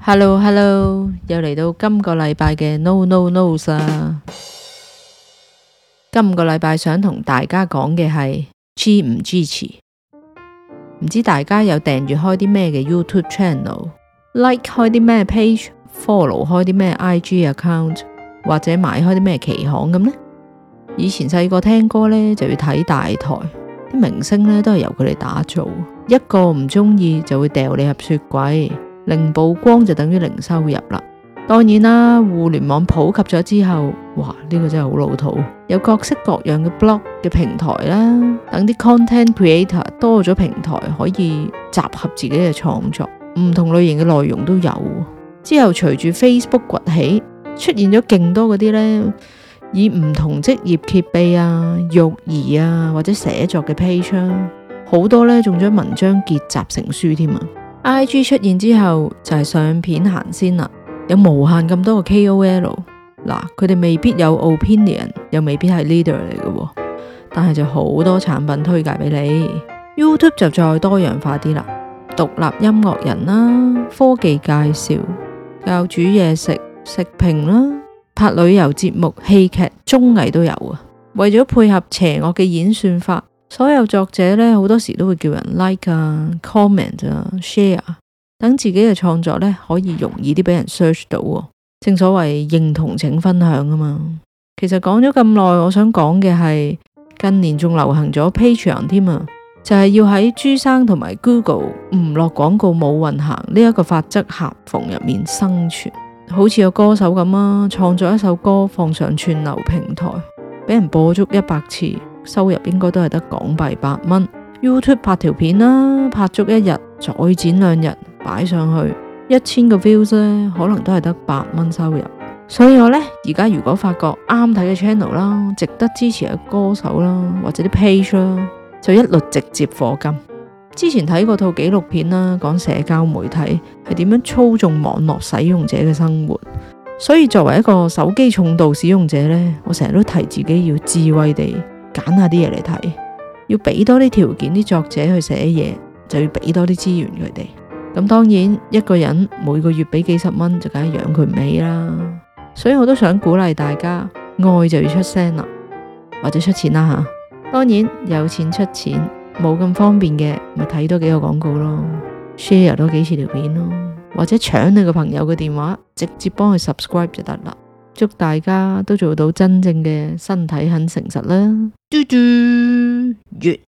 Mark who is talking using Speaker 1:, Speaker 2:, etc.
Speaker 1: Hello，Hello，又嚟到今個禮拜嘅 No No No's 啦。今個禮拜想同大家講嘅係支唔支持。唔知大家有訂住開啲咩嘅 YouTube Channel，Like 開啲咩 Page，Follow 開啲咩 IG Account，或者買開啲咩旗行咁呢？以前細個聽歌呢就要睇大台，啲明星呢都係由佢哋打造。一個唔中意就會掉你入雪櫃，零曝光就等於零收入啦。當然啦，互聯網普及咗之後，哇，呢個真係好老土，有各式各樣嘅 blog 嘅平台啦，等啲 content creator 多咗平台可以集合自己嘅創作，唔同類型嘅內容都有。之後隨住 Facebook 崛起，出現咗勁多嗰啲呢，以唔同職業揭秘啊、育兒啊或者寫作嘅 page。好多呢仲將文章結集成書添啊！I G 出現之後，就係、是、相片行先啦，有無限咁多個 K O L，嗱，佢哋未必有 opinion，又未必係 leader 嚟嘅，但係就好多產品推介俾你。YouTube 就再多元化啲啦，獨立音樂人啦，科技介紹，教煮嘢食、食評啦，拍旅遊節目、戲劇、綜藝都有啊。為咗配合邪惡嘅演算法。所有作者咧，好多時都會叫人 like 啊、comment 啊、share，等、啊、自己嘅創作咧可以容易啲俾人 search 到，啊。正所謂認同請分享啊嘛。其實講咗咁耐，我想講嘅係近年仲流行咗 Pay 牆添啊，就係、是、要喺朱生同埋 Google 唔落廣告冇運行呢一、這個法則合縫入面生存。好似個歌手咁啊，創作一首歌放上串流平台，俾人播足一百次。收入應該都係得港幣八蚊。YouTube 拍條片啦，拍足一日再剪兩日擺上去，一千個 views 咧，可能都係得八蚊收入。所以我咧而家如果發覺啱睇嘅 channel 啦，值得支持嘅歌手啦，或者啲 page 啦，就一律直接課金。之前睇過套紀錄片啦，講社交媒體係點樣操縱網絡使用者嘅生活。所以作為一個手機重度使用者呢，我成日都提自己要智慧地。揀下啲嘢嚟睇，要俾多啲條件啲作者去寫嘢，就要俾多啲資源佢哋。咁當然，一個人每個月俾幾十蚊就梗係養佢唔起啦。所以我都想鼓勵大家，愛就要出聲啦，或者出錢啦吓。當然，有錢出錢，冇咁方便嘅咪睇多幾個廣告咯，share 多幾次條片咯，或者搶你個朋友嘅電話，直接幫佢 subscribe 就得啦。祝大家都做到真正嘅身體，很誠實啦！嘟嘟嘟。